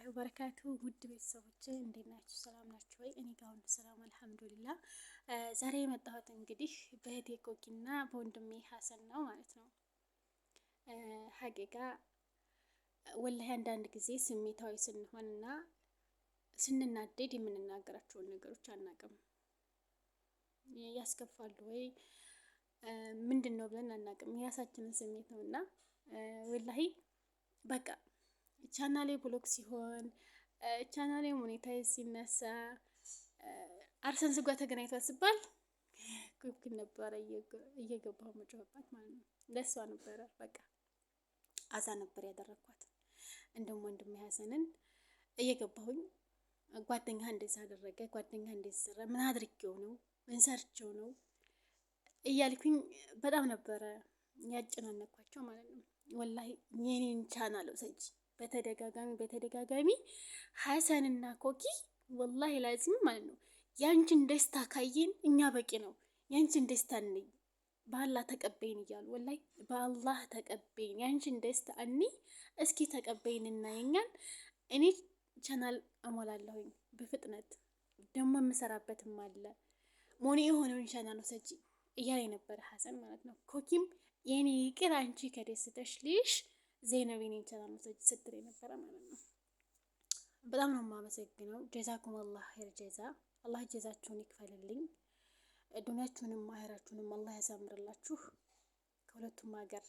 ወራህመቱላሂ ወበረካቱ ውድ ቤተሰቦች እንዴት ናችሁ? ሰላም ናችሁ ወይ? እኔ ጋር ሁሉ ሰላም አልሐምዱሊላ። ዛሬ የመጣሁት እንግዲህ በእህቴ ኮኪና በወንድሜ ሀሰን ነው ማለት ነው። ሀቂቃ ወላሂ አንዳንድ ጊዜ ስሜታዊ ስንሆንና ስንናደድ የምንናገራቸውን ነገሮች አናቅም። ያስከፋሉ ወይ ምንድን ነው ብለን አናቅም። የራሳችንን ስሜት ነው እና ወላሂ በቃ ቻናሌ ብሎክ ሲሆን ቻናሌ ሞኔታይዝ ሲነሳ አርሰን ስጓ ተገናኝቷል ሲባል ክክል ነበረ እየገባሁ መጮህባት ማለት ነው። ለእሷ ነበረ በቃ አዛ ነበር ያደረግኳት። እንደውም ወንድሜ ሀሰንን እየገባሁኝ ጓደኛ እንደዛ አደረገ፣ ጓደኛ እንደዛ ሰራ፣ ምን አድርጌው ነው ምን ሰርቼው ነው እያልኩኝ በጣም ነበረ ያጨናነኳቸው ማለት ነው። ወላሂ የኔን ቻናል ውሰጅ በተደጋጋሚ በተደጋጋሚ ሀሰንና ኮኪ ወላሂ ላዚም ማለት ነው። ያንቺን ደስታ ካየን እኛ በቂ ነው። ያንቺን ደስታ እንይ በአላህ ተቀበይን እያሉ ወላሂ በአላህ ተቀበይን፣ ያንቺን ደስታ እንይ፣ እስኪ ተቀበይን እና የኛን እኔ ቻናል አሞላለሁኝ በፍጥነት ደግሞ የምሰራበትም አለ ሞኔ የሆነውን ቻናል ውሰጂ እያለ የነበረ ሀሰን ማለት ነው። ኮኪም የኔ ይቅር አንቺ ከደስተሽ ልሽ ዜናዊ ኔን ቻናል ስትል የነበረ ማለት ነው። በጣም ነው የማመሰግነው። ጀዛኩም አላህ ኸይር ጀዛ። አላህ ጀዛችሁን ይክፈልልኝ። ዱንያችሁንም አሄራችሁንም አላህ ያሳምርላችሁ። ከሁለቱም ሀገር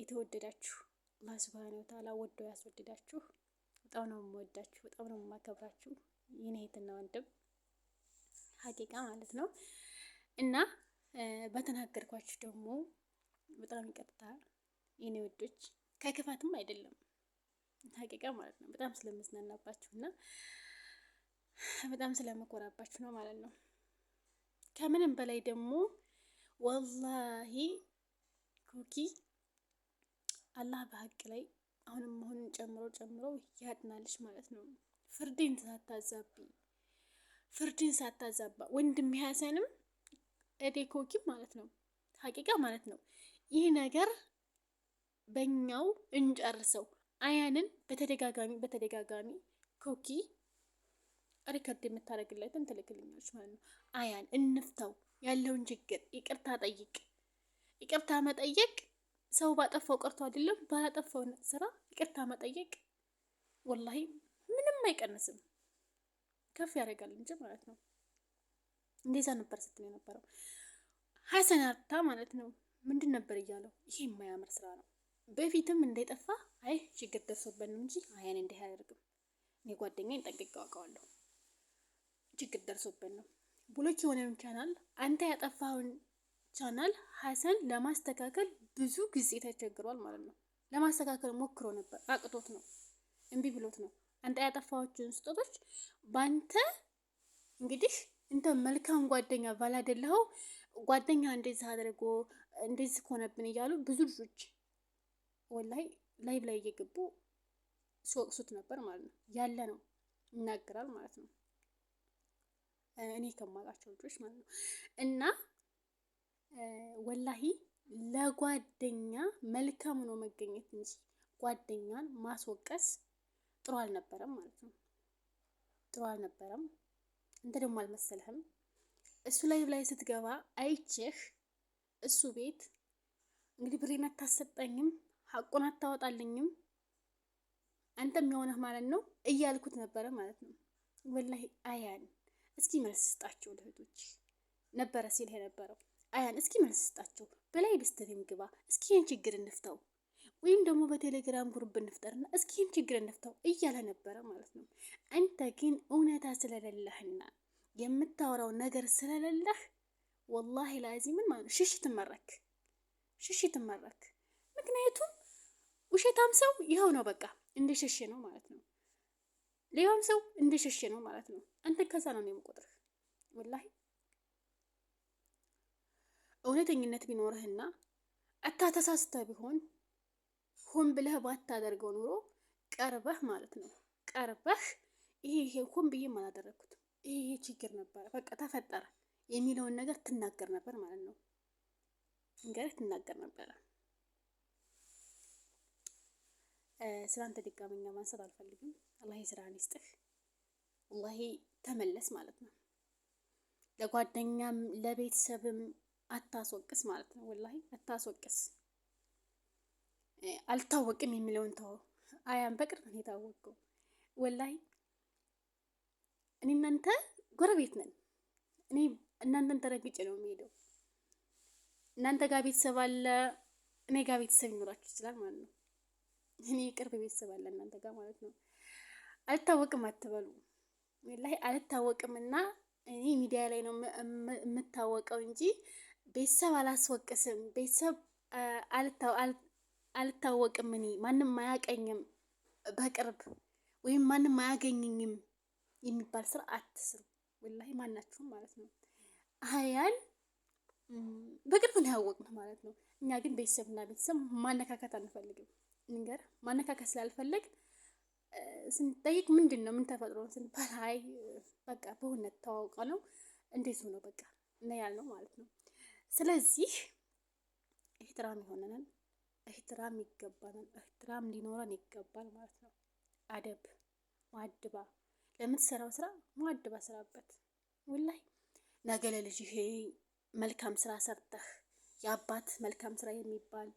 የተወደዳችሁ አላህ ስብሃነ ወተዓላ ወዶ ያስወደዳችሁ። በጣም ነው የምወዳችሁ፣ በጣም ነው የማከብራችሁ የኔ እህትና ወንድም ሀቂቃ ማለት ነው እና በተናገርኳችሁ ደግሞ በጣም ይቅርታ የኔ ውዶች ከክፋትም አይደለም ሀቂቃ ማለት ነው። በጣም ስለምዝናናባችሁ እና በጣም ስለምኮራባችሁ ነው ማለት ነው። ከምንም በላይ ደግሞ ወላሂ ኩኪ አላህ በሀቅ ላይ አሁንም መሆኑን ጨምሮ ጨምሮ ያድናልሽ ማለት ነው። ፍርድን ሳታዛቢ ፍርድን ሳታዛባ ወንድም ያሰንም እዴ ኮኪም ማለት ነው ሀቂቃ ማለት ነው ይህ ነገር በኛው እንጨርሰው። አያንን በተደጋጋሚ በተደጋጋሚ ኮኪ ሪከርድ የምታደርግለትን ትልክልኛለች ማለት ነው። አያን እንፍተው ያለውን ችግር፣ ይቅርታ ጠይቅ። ይቅርታ መጠየቅ ሰው ባጠፋው ቀርቶ አይደለም ባላጠፋው ስራ ይቅርታ መጠየቅ ወላሂ ምንም አይቀንስም፣ ከፍ ያደርጋል እንጂ ማለት ነው። እንደዛ ነበር ስትል የነበረው ሀሰናታ ማለት ነው። ምንድን ነበር እያለው? ይሄ የማያምር ስራ ነው በፊትም እንደጠፋ አይ ችግር ደርሶበት ነው እንጂ አያን እንዲህ አያደርግም። እኔ ጓደኛዬን ጠንቅቄ አውቀዋለሁ። ችግር ደርሶበት ነው ብሎክ የሆነውን ቻናል አንተ ያጠፋውን ቻናል ሀሰን ለማስተካከል ብዙ ጊዜ ተቸግሯል ማለት ነው። ለማስተካከል ሞክሮ ነበር፣ አቅቶት ነው፣ እምቢ ብሎት ነው። አንተ ያጠፋዎችን ስጦቶች በአንተ እንግዲህ እንተ መልካም ጓደኛ ባላደለኸው ጓደኛ እንደዚህ አድርጎ እንደዚህ ከሆነብን እያሉ ብዙ ልጆች ወላይ ላይቭ ላይ እየገቡ ሲወቅሱት ነበር ማለት ነው። ያለ ነው ይናገራል ማለት ነው። እኔ ከማውቃቸው ልጆች ማለት ነው። እና ወላሂ ለጓደኛ መልካም ነው መገኘት እንጂ ጓደኛን ማስወቀስ ጥሩ አልነበረም ማለት ነው። ጥሩ አልነበረም። እንተ ደግሞ አልመሰለህም። እሱ ላይ ላይ ስትገባ አይቼህ እሱ ቤት እንግዲህ ብሬን አታሰጠኝም ሀቁን አታወጣልኝም አንተም የሆነህ ማለት ነው እያልኩት ነበረ ማለት ነው። ወላሂ አያን እስኪ መልስ ስጣቸው ለእህቶች ነበረ ሲል የነበረው አያን እስኪ መልስ ስጣቸው። በላይ በስተሪም ግባ እስኪ ይህን ችግር እንፍታው፣ ወይም ደግሞ በቴሌግራም ግሩፕ እንፍጠርና እስኪ ይህን ችግር እንፍታው እያለ ነበረ ማለት ነው። አንተ ግን እውነታ ስለሌለህና የምታወራው ነገር ስለሌለህ ወላሂ ላዚምን ማለት ነው ሽሽት መረክ ሽሽት መረክ ምክንያቱም ውሸታም ሰው ይኸው ነው በቃ እንደሸሸ ነው ማለት ነው። ሌላም ሰው ሸሸ ነው ማለት ነው። አንተ ከዛ ነው የምቆጥርህ። ወላሂ እውነተኝነት ቢኖርህና አታተሳስተህ ቢሆን ሆን ብለህ ባታደርገው ኑሮ ቀርበህ ማለት ነው ቀርበህ ይሄ ይሄ ሆን ብዬ አላደረግኩትም ይሄ ይሄ ችግር ነበረ በቃ ተፈጠረ የሚለውን ነገር ትናገር ነበር ማለት ነው። እንግዲህ ትናገር ነበረ ስላንተ ድጋመኛ ማንሳት አልፈልግም። አላህ ስራን ይስጥህ። አላህ ተመለስ ማለት ነው። ለጓደኛም ለቤተሰብም አታስወቅስ ማለት ነው። ወላሂ አታስወቅስ። አልታወቅም የሚለውን ተው። አያም በቅርብ ነው የታወቀው። ወላሂ እኔ እናንተ ጎረቤት ነን። እኔ እናንተን ተረግጬ ነው የሚሄደው። እናንተ ጋር ቤተሰብ አለ፣ እኔ ጋር ቤተሰብ ይኖራችሁ ይችላል ማለት ነው። እኔ ቅርብ ቤተሰብ አለ እናንተ ጋር ማለት ነው። አልታወቅም አትበሉ ላይ አልታወቅም እና እኔ ሚዲያ ላይ ነው የምታወቀው እንጂ ቤተሰብ አላስወቅስም። ቤተሰብ አልታወቅም። እኔ ማንም አያቀኝም በቅርብ ወይም ማንም አያገኝኝም የሚባል ስራ አትስሩ። ወላሂ ማናችሁም ማለት ነው። አያል በቅርብ ነው ያወቅነው ማለት ነው። እኛ ግን ቤተሰብና ቤተሰብ ማነካከት አንፈልግም። ልንገር ማነካከት ስላልፈለግ ስንጠይቅ ምንድን ነው ምን ተፈጥሮ ስንባል አይ በቃ በእውነት ተዋውቀ ነው እንዴት ነው በቃ እና ያልነው ማለት ነው። ስለዚህ ኤርትራም የሆነንን ኤርትራም ይገባናል፣ ኤርትራም ሊኖረን ይገባል ማለት ነው። አደብ ማድባ ለምትሰራው ስራ ማድባ ስራበት። ወላሂ ነገ ለልጅ ይሄ መልካም ስራ ሰርተህ የአባት መልካም ስራ የሚባል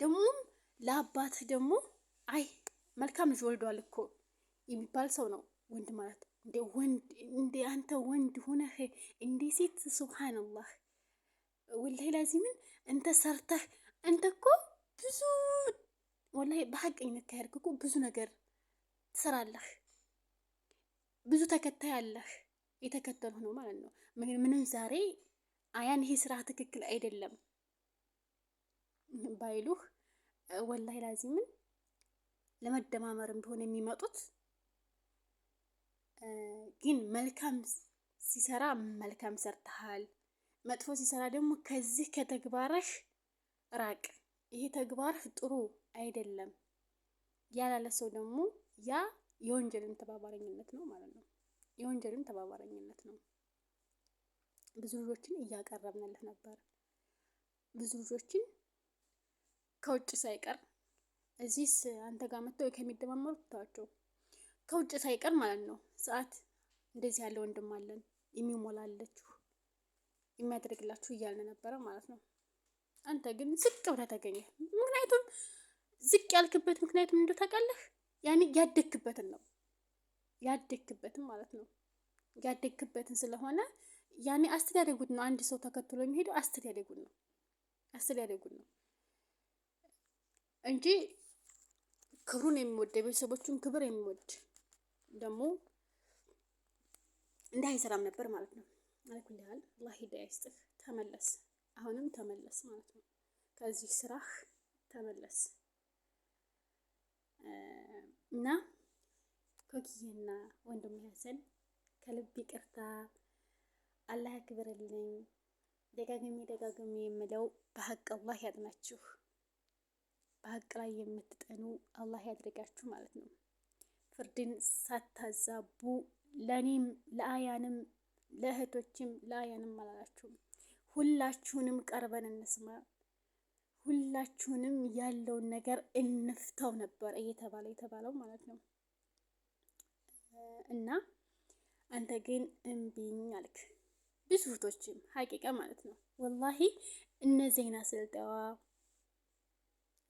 ደግሞም ለአባትህ ደግሞ አይ መልካም ልጅ ወልዷል እኮ የሚባል ሰው ነው ወንድ ማለት እንደ ወንድ እንደ አንተ ወንድ ሆነህ እንደ ሴት ሱብሃነላህ ወላሂ ላዚምን እንተ ሰርተህ እንተ እኮ ብዙ ወላሂ በሀቀኝነት ካሄድክ እኮ ብዙ ነገር ትሰራለህ። ብዙ ተከታይ አለህ። የተከተሉ ነው ማለት ነው። ምንም ዛሬ አያን ይሄ ስራ ትክክል አይደለም ባይሉህ ወላሂ ላዚምን ለመደማመርም ቢሆን የሚመጡት ግን መልካም ሲሰራ መልካም ሰርተሃል፣ መጥፎ ሲሰራ ደግሞ ከዚህ ከተግባራሽ ራቅ፣ ይሄ ተግባርህ ጥሩ አይደለም ያላለ ሰው ደግሞ ያ የወንጀልም ተባባረኝነት ነው ማለት ነው። የወንጀልም ተባባረኝነት ነው። ብዙ ልጆችን እያቀረብንልህ ነበር። ብዙ ልጆችን ከውጭ ሳይቀር እዚህስ አንተ ጋር መጥተው ከሚደማመሩት ተዋቸው፣ ከውጭ ሳይቀር ማለት ነው። ሰዓት እንደዚህ ያለ ወንድም አለን የሚሞላለችሁ የሚያደርግላችሁ እያልን ነበረ ማለት ነው። አንተ ግን ዝቅ ብለህ ተገኘ። ምክንያቱም ዝቅ ያልክበት ምክንያቱም እንደ ታውቃለህ፣ ያኔ ያደግክበትን ነው ያደግክበትን ማለት ነው ያደግክበትን ስለሆነ ያኔ አስተዳደጉን ነው። አንድ ሰው ተከትሎ የሚሄደው አስተዳደጉን ነው አስተዳደጉን ነው። እንጂ ክብሩን የሚወድ የቤተሰቦቹን ክብር የሚወድ ደግሞ እንዲህ አይሰራም ነበር ማለት ነው። አለኩል ያህል አላህ ሂዳያ ይስጥህ። ተመለስ፣ አሁንም ተመለስ ማለት ነው። ከዚህ ስራህ ተመለስ እና ኮኪዬና ወንድም ሀሰን ከልብ ይቅርታ፣ አላህ ያክብርልኝ። ደጋግሜ ደጋግሜ የምለው በሀቅ አላህ ያጥናችሁ። በሀቅ ላይ የምትጠኑ አላህ ያድርጋችሁ ማለት ነው። ፍርድን ሳታዛቡ ለእኔም ለአያንም ለእህቶችም ለአያንም አላላችሁም። ሁላችሁንም ቀርበን እንስማ፣ ሁላችሁንም ያለውን ነገር እንፍተው ነበር እየተባለ የተባለው ማለት ነው። እና አንተ ግን እምቢኝ አልክ። ብዙ እህቶችም ሀቂቃ ማለት ነው ወላሂ እነ ዜና ስልጠዋ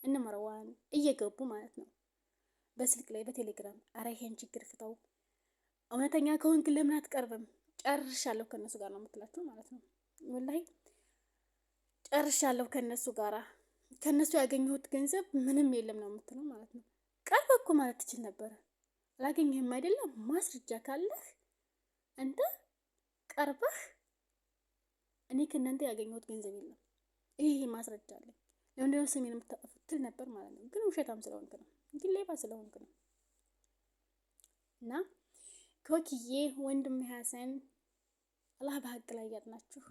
እነ መርዋን እየገቡ ማለት ነው በስልክ ላይ በቴሌግራም አረ ይሄን ችግር ፍታው፣ እውነተኛ ከሆንክ ለምን አትቀርብም? ጨርሻለሁ ከነሱ ጋር ነው የምትላቸው ማለት ነው። ወላሂ ጨርሻለሁ ከነሱ ጋራ ከነሱ ያገኘሁት ገንዘብ ምንም የለም ነው የምትለው ማለት ነው። ቀርበ እኮ ማለት ትችል ነበረ። አላገኘህም አይደለም ማስረጃ ካለህ አንተ ቀርበህ እኔ ከእናንተ ያገኘሁት ገንዘብ የለም ይሄ ማስረጃ አለኝ ለምንድነው ስሜን የምታጠፉት ትል ነበር ማለት ነው። ግን ውሸታም ስለሆንክ ነው፣ ግን ሌባ ስለሆንክ ነው። እና ኮክዬ ወንድም ሀሰን አላህ በሀቅ ላይ ያጥናችሁ፣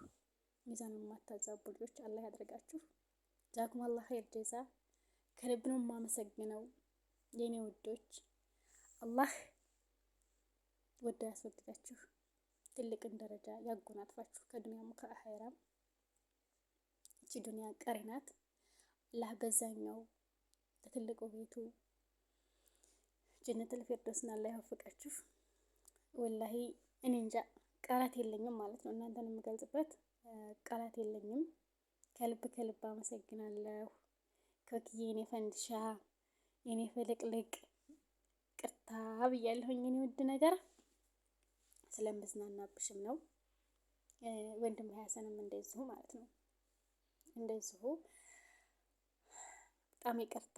ሚዛን የማታዛቡ ልጆች አላህ ያደርጋችሁ። ጃኩም አላህ ኸይር ጀዛ። ከልብ ነው የማመሰግነው የእኔ ውዶች። አላህ ወደ ያስወግዳችሁ፣ ትልቅን ደረጃ ያጎናጥፋችሁ ከዱንያም ከአኸራም። እቺ ዱንያ ቀሪ ናት። አላህ በዛኛው በትልቁ ቤቱ ጀነት ፊርደውስን አላህ ያወፍቃችሁ። ወላሂ እኔ እንጃ ቃላት የለኝም ማለት ነው። እናንተን የምገልጽበት ቃላት የለኝም። ከልብ ከልብ አመሰግናለሁ። ከክዬ የኔ ፈንድሻ የኔ ፍልቅልቅ ቅርታ ብያለሁኝ። የኔ ውድ ነገር ስለምዝናናብሽም ነው። ወንድም ሀያሰንም እንደዚሁ ማለት ነው እንደዚሁ በጣም ይቅርታ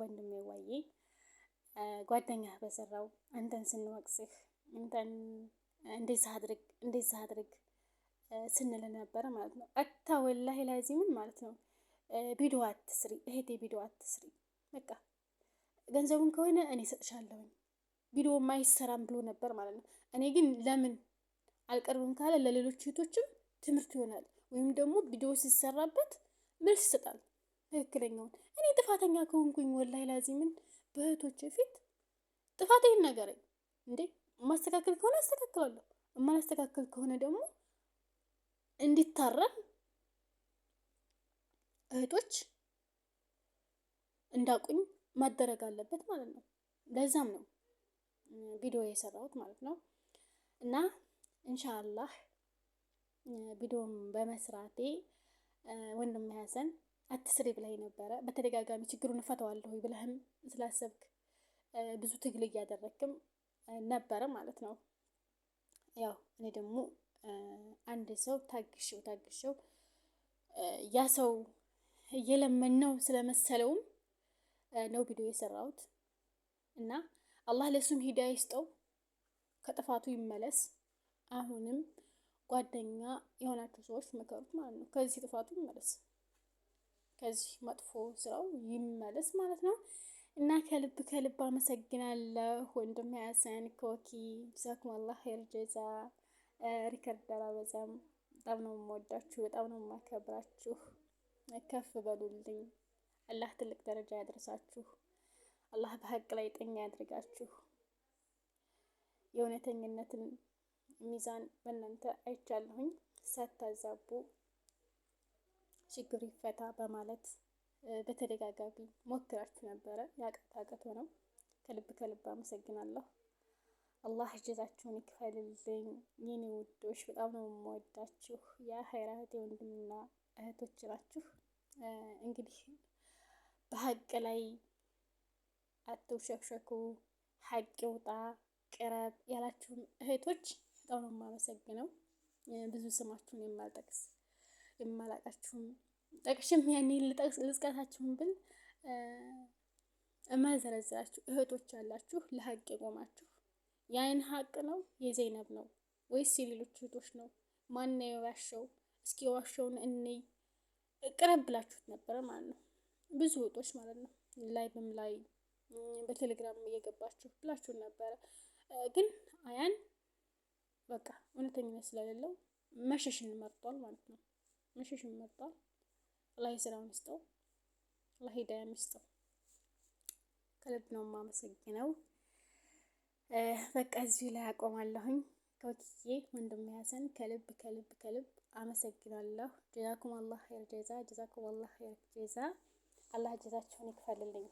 ወንድሜ ዋዬ፣ ጓደኛ በሰራው አንተን ስንወቅስህ አንተን እንዴት አድርግ ስንል ነበረ ማለት ነው። አታ ወላሂ ላዚምን ማለት ነው። ቪዲዮ አትስሪ እህቴ፣ ቪዲዮ አትስሪ በቃ ገንዘቡን ከሆነ እኔ እሰጥሻለሁ፣ ቪዲዮ ማይሰራም ብሎ ነበር ማለት ነው። እኔ ግን ለምን አልቀርብም ካለ ለሌሎች እህቶችም ትምህርት ይሆናል፣ ወይም ደግሞ ቪዲዮ ሲሰራበት መልስ ይሰጣል። ትክክለኛውን እኔ ጥፋተኛ ከሆንኩኝ ወላይ ላዚምን በእህቶች ፊት ይህን ነገረኝ እንዴ። ማስተካከል ከሆነ አስተካክላለሁ፣ የማላስተካከል ከሆነ ደግሞ እንዲታረም እህቶች እንዳቁኝ ማደረግ አለበት ማለት ነው። ለዛም ነው ቪዲዮ የሰራሁት ማለት ነው። እና እንሻላህ ቪዲዮም በመስራቴ ወንድም ሀሰን አትስሪ ብላይ ነበረ። በተደጋጋሚ ችግሩን እፈተዋለሁ ብለህም ስላሰብክ ብዙ ትግል እያደረግክም ነበረ ማለት ነው። ያው እኔ ደግሞ አንድ ሰው ታግሸው ታግሸው ያ ሰው እየለመን ነው ስለመሰለውም ነው ቪዲዮ የሰራሁት እና አላህ ለሱም ሂዳ ይስጠው፣ ከጥፋቱ ይመለስ። አሁንም ጓደኛ የሆናችሁ ሰዎች መከሩት ማለት ነው። ከዚህ ጥፋቱ ይመለስ። ከዚህ መጥፎ ስራው ይመለስ ማለት ነው። እና ከልብ ከልብ አመሰግናለሁ ወንድም ያሰን ኮኪ ጀዛኩም አላህ ኸይር ጀዛ። ሪከርድ አላበዛም። በጣም ነው የምወዳችሁ፣ በጣም ነው የማከብራችሁ። ከፍ በሉልኝ። አላህ ትልቅ ደረጃ ያድርሳችሁ። አላህ በሀቅ ላይ ጤኛ ያድርጋችሁ። የእውነተኝነትን ሚዛን በእናንተ አይቻለሁኝ ሳታዛቡ ችግር ይፈታ በማለት በተደጋጋሚ ሞክራችሁ ነበረ። ያቃት አቅቶ ነው። ከልብ ከልብ አመሰግናለሁ። አላህ እጀዛችሁን ይክፈልልኝ የኔ ውዶች፣ በጣም ነው የምወዳችሁ። የሀይራት የወንድምና እህቶች ናችሁ። እንግዲህ በሀቅ ላይ አትውሸክሸኩ፣ ሀቅ ይውጣ፣ ቅረብ ያላችሁን እህቶች በጣም ነው የማመሰግነው። ብዙ ስማችሁን የማልጠቅስ ጠቅሽም አላቃችሁም ጠቅሽም ያኔ ልጥቀሳችሁም ብል እመዘረዝራችሁ እህቶች ያላችሁ ለሀቅ የቆማችሁ የአይን ሀቅ ነው የዘይነብ ነው ወይስ የሌሎች እህቶች ነው? ማን የዋሸው? እስኪ የዋሸውን እንይ ቅረብ ብላችሁት ነበረ ማለት ነው። ብዙ እህቶች ማለት ነው ላይቭም ላይ በቴሌግራም እየገባችሁ ብላችሁ ነበረ። ግን አያን በቃ እውነተኝነት ስለሌለው መሸሽን መርጧል ማለት ነው። መሸሽም መጣ። አላህ ስራውን ይስጠው፣ አላህ ሂዳያም ይስጠው። ከልብ ነው የማመሰግነው። በቃ እዚህ ላይ አቆማለሁኝ። ከውትዬ ወንድም ያሰን ከልብ ከልብ ከልብ አመሰግናለሁ። ጀዛኩም አላህ ኸይር ጀዛ፣ ጀዛኩም አላህ ኸይር ጀዛ። አላህ ጀዛችሁን ይክፈልልኝ።